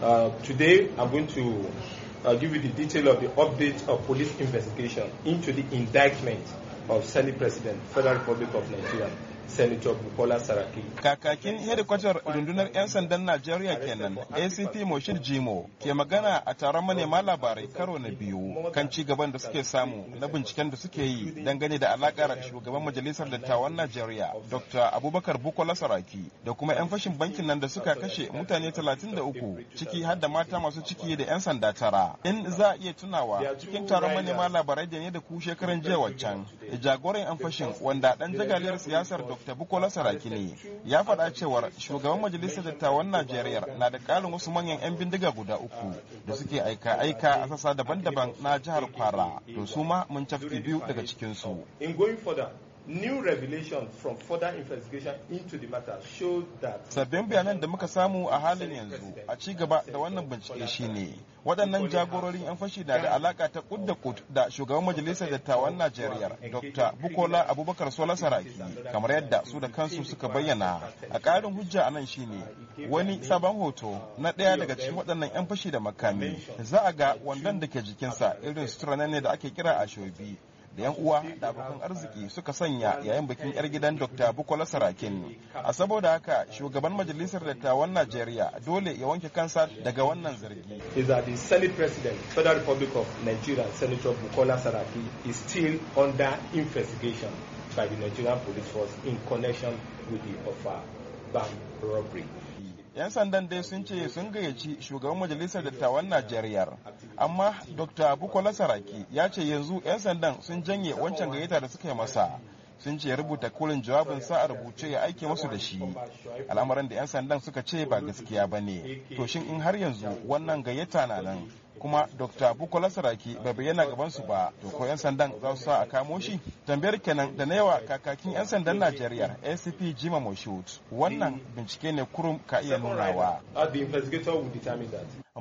Uh, today, I'm going to uh, give you the detail of the update of police investigation into the indictment of Senate President, Federal Republic of Nigeria. Senator Bukola Saraki. Kakakin hedikwatar rundunar 'yan sandan Najeriya kenan ACP Moshid Jimo ke magana a taron manema labarai karo na biyu kan ci gaban da suke samu na binciken da suke yi gani da alakar shugaban majalisar dattawan Najeriya Dr. Abubakar Bukola Saraki da kuma 'yan fashin bankin nan da suka kashe mutane 33 ciki har da mata masu ciki da 'yan sanda tara. In za a iya tunawa cikin taron manema labarai da ne da ku shekaran jiya waccan jagoran 'yan fashin wanda dan jagaliyar siyasar dr bukola ne ya faɗa cewar shugaban majalisar dattawan najeriya na da ƙarin wasu manyan 'yan bindiga guda uku da suke aika-aika a sassa daban-daban na jihar kwara to su ma mun cafke biyu daga cikinsu New revelation from further investigation into the matter showed that Sabbin bayanan da muka samu a halin yanzu a ci gaba da wannan bincike shine waɗannan jagororin 'yan fashi na da alaka ta kudda da da shugaban majalisar dattawan Najeriya Dr. Bukola Abubakar Sola Saraki kamar yadda su da kansu suka bayyana a karin hujja a nan shine wani sabon hoto na ɗaya daga cikin waɗannan 'yan fashi da makami za a ga wandon da ke jikinsa irin sutura ne da ake kira ashobi da 'yan uwa da abokan arziki suka sanya yayin bikin 'yar gidan Dr. Bukola Sarakin. A saboda haka shugaban majalisar dattawan Najeriya dole ya wanke kansa daga wannan zargi. Is that the Senate President, Federal Republic of Nigeria, Senator Bukola Saraki is still under investigation by the Nigerian Police Force in connection with the Ofa bank robbery. 'Yan sandan dai sun ce sun gayyaci shugaban majalisar dattawan Najeriya amma dr bukola saraki ya ce yanzu 'yan sandan sun janye wancan gayyata da suka yi masa sun ce rubuta kulin jawabin sa a rubuce ya aike masu da shi al'amarin da 'yan sandan suka ce ba gaskiya ba ne to shin in har yanzu wannan gayyata na nan kuma dr bukola saraki bai bayyana gaban su ba to ko 'yan sandan za su sa a kamo shi tambayar kenan da na yawa kakakin 'yan sandan najeriya acp jima moshut wannan bincike ne kurum ka iya nunawa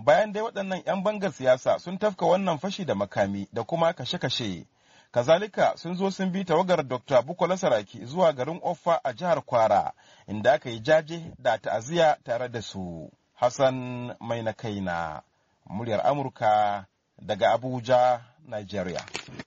bayan dai waɗannan 'yan bangar siyasa sun tafka wannan fashi da makami da kuma kashe-kashe kazalika sun zo sun bi tawagar dr bukola saraki zuwa garin offa a jihar kwara inda aka yi jaje da ta'aziyya tare da su hassan mai na kaina muryar amurka daga abuja nigeria